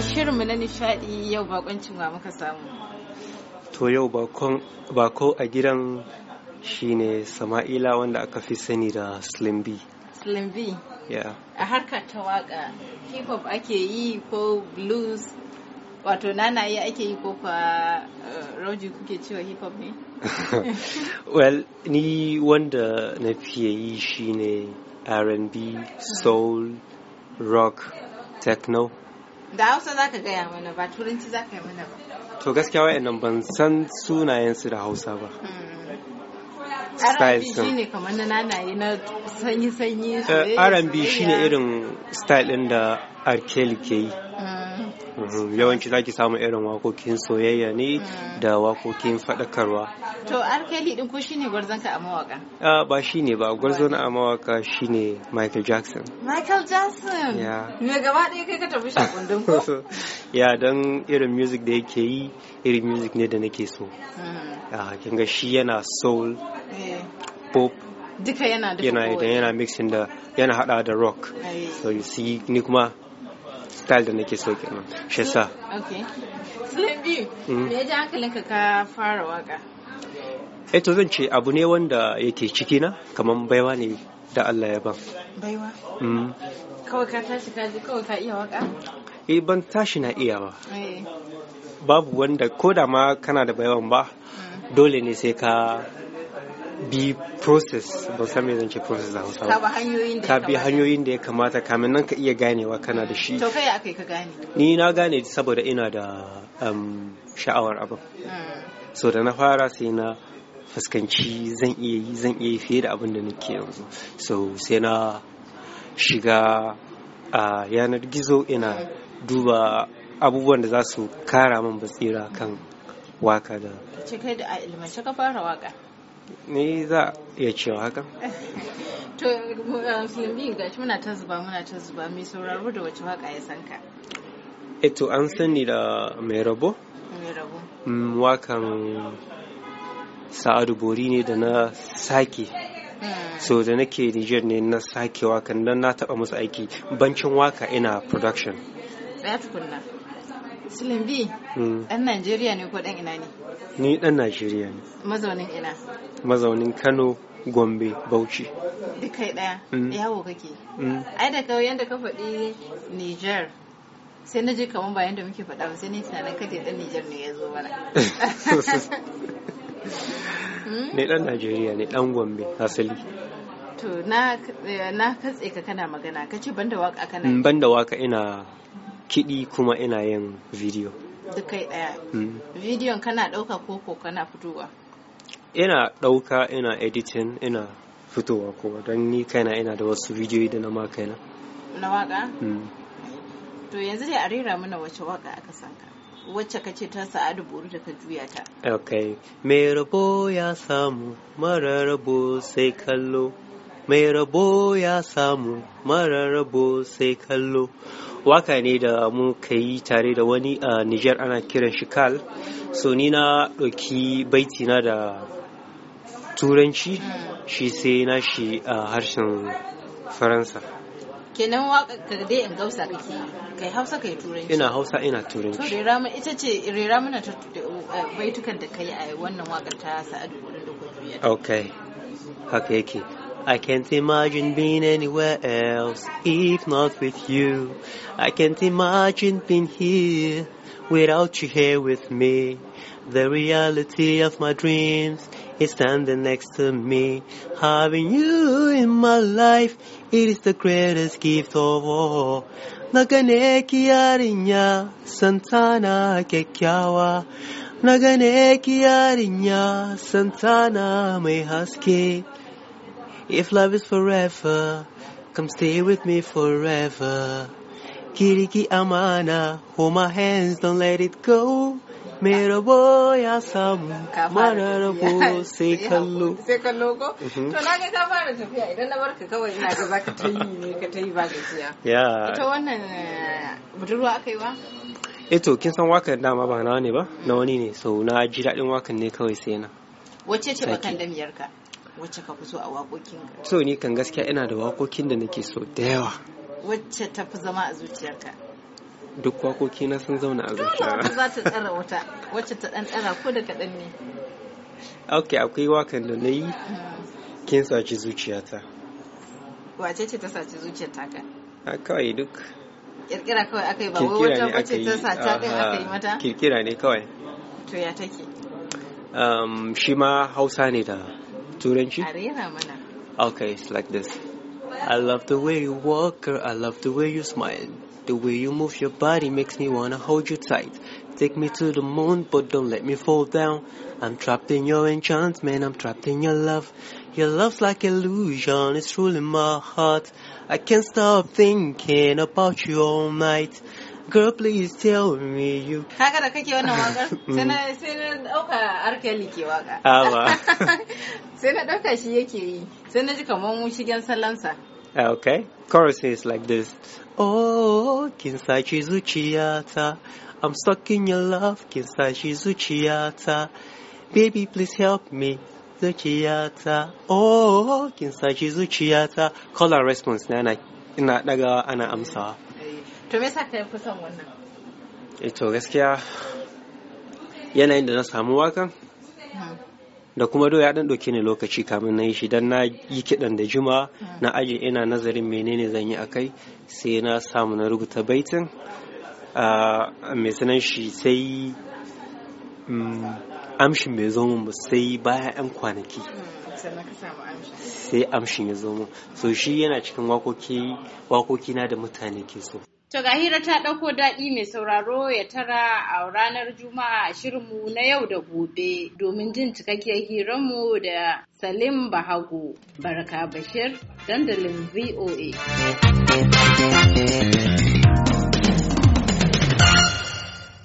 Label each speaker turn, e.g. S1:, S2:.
S1: jama'a shirinmu na nishadi yau bakoncin wa muka samu
S2: to yau bako a gidan shine sama'ila wanda aka fi sani da slim b slim b a
S1: harkar ta waka hip hop ake yi ko blues wato yi ake yi ko kwa eh, roji kuke cewa hip hop ne
S2: well ni wanda na fiye yi shine R&B, soul, rock, techno.
S1: da hausa za ka gaya mana ba turanci za ka yi mana ba
S2: to gaskiya waɗannan ban san sunayensu da hausa ba
S1: hmm. style sun ne kamar na nanaye na sanyi-sanyi eh, R&B shine
S2: irin style ɗin da arkeli ke yi hmm. yawanci zaki samu irin wakokin soyayya ne hmm. da wakokin faɗakarwa
S1: to alkali din ko shine gwarzonka a mawaka
S2: Ba shi ne ba gwarzon a mawaka ne Michael Jackson
S1: Michael Jackson ya me gaba ɗaya kai ka tafi shakundin
S2: ko ya don irin music da yake yi irin music ne da nake so hmm. ah, kin ga shi yana soul eh. pop
S1: duka yana duka yana
S2: yana mixing da yana hada da rock so you see ni kuma style da nake so kenan shi yasa
S1: okay mm.
S2: eh to zan ce abu ne wanda yake ciki na kaman baiwa ne da Allah ya ban baiwa mm.
S1: ka tashi ka ji ka iya waka
S2: eh ban tashi na iya ba eh. babu wanda ko da ma kana da baiwan ba mm. dole ne sai ka bi process ba san me zan ce process da Hausa ka bi hanyoyin da ya kamata kamin nan ka iya ganewa kana da shi to
S1: kai akai ka gane
S2: ni na gane saboda ina da um, sha'awar abu hmm. so da na fara sai na fuskanci zan iya yi zan iya yi fiye da abin da nake yanzu so sai na shiga a yanar gizo ina duba abubuwan da za su kara min basira kan waka da
S1: ce kai da a ka fara waka
S2: ni za iya cewa haka
S1: to uh, ga shi muna ta zuba muna ta zuba mai sauraro da wace waka ya san ka
S2: eto eh, an sani da mai rabo mm, wakan sa'adu bori ne da na sake hmm. so da nake Niger ne na sake wakan nan na taba musu aiki bancin waka ina production Sulimbi, hmm.
S1: ɗan Najeriya ne ko ɗan ina ne?
S2: Ni ɗan Najeriya ne.
S1: Mazaunin ina?
S2: Mazaunin Kano, Gombe, Bauchi.
S1: Duk kai ɗaya, hmm. yawo kake. Hmm. Ai da kawai yadda ka faɗi Nijar, sai na je kamar bayan da muke faɗa ba sai ni tunanin kaje ɗan Nijar ne ya zo mana.
S2: Ni ɗan Najeriya ne, ɗan Gombe, asali.
S1: To, na katse ka kana magana, ka ce banda waka kana.
S2: Banda waka ina kiɗi kuma ina yin video dukai ɗaya mm.
S1: bidiyon kana ɗauka koko kana fitowa
S2: ina ɗauka ina editing ina fitowa Ko don ni kaina ina da wasu bidiyoyi da na ma kaina na waka mm.
S1: to yanzu dai a rera mana wace waka aka sanka wacce kace ta sa'adu buru da ka juya ta
S2: okay me rabo ya samu mara rabo sai kallo mai rabo ya samu mara rabo sai kallo waka ne da muka yi tare da wani a Nijar ana kiran shi kal so ni na ɗauki baiti na da turanci shi sai na shi a harshen faransa
S1: kenan waka dai in gausa kake kai hausa kai turanci ina
S2: hausa ina turanci
S1: to rama ita ce rera mana baitukan da kai a wannan wakar ta sa'adu da
S2: Okay haka yake I can't imagine being anywhere else if not with you. I can't imagine being here without you here with me. The reality of my dreams is standing next to me. Having you in my life, it is the greatest gift of all. Nagane kiarinya, Santana kekyawa. Nagane arinya Santana mehaske. If love is forever, come stay with me forever. Kiriki amana, hold my hands, don't let it go. Mera boya samu, mara bo sai kallo.
S1: Sai kallo ko? Mm-hmm. To na ga ka fara tafiya idan na barka kawai ina ga zaka ta yi ne ka ta yi ba gajiya. Ya. Ita wannan eh, budurwa aka yi wa?
S2: Eto eh kin san wakar dama ba na ne ba na wani ne so na ji daɗin wakan ne kawai sai na.
S1: Wace ce bakan damiyarka? wacce ka fi so a waƙoƙin so
S2: ni kan gaskiya ina da waƙoƙin da nake so da yawa
S1: wacce ta fi zama a zuciyarka
S2: duk waƙoƙi na sun zauna a zuciya dole za
S1: ta tsara wata wacce ta ɗan tsara ko da kaɗan ne
S2: ok akwai wakan da na yi kin saci zuciyata
S1: wace ce ta saci zuciyarta ka
S2: a kawai duk
S1: kirkira kawai aka yi ba wai wata wacce ta sata kai aka yi mata
S2: kirkira ne kawai to ya take um, shi ma hausa ne da turanci okay it's like this i love the way you walk girl i love the way you smile the way you move your body makes me wanna hold you tight take me to the moon but don't let me fall down i'm trapped in your enchantment i'm trapped in your love your love's like illusion it's ruling my heart i can't stop thinking about you all night Girl, please tell me you.
S1: Haka da kake wannan wakar? Sai na ɗauka arkeli ke waka. Awa. Sai na ɗauka shi yake yi. Sai na ji kamar mu shigen salansa.
S2: Okay. Chorus is like this. Oh, kin sace zuciyata. I'm stuck in your love, kin sace zuciyata. Baby, please help me. Zuciyata. Oh, kin sace zuciyata. Call and response na ina ɗagawa ana amsawa.
S1: to me ka son wannan
S2: eh to gaskiya yanayin da na samu waka.
S1: Hmm.
S2: da kuma do ya dan ɗauke ni lokaci kamin na yi shi dan na yi kiɗan da juma hmm. na aji ina nazarin menene zan yi kai sai na samu na rubuta baitin mai sanan shi sai mm, amshin mai zo mun sai baya yan kwanaki hmm, sai amshin ya zo mun so shi yana cikin wakoki na da mutane ke so
S1: To ga hira ta ɗauko daɗi mai sauraro ya tara a ranar Juma'a a shirinmu na yau da gobe domin jin cikakkiyar hiranmu da Salim Bahago Baraka Bashir dandalin VOA.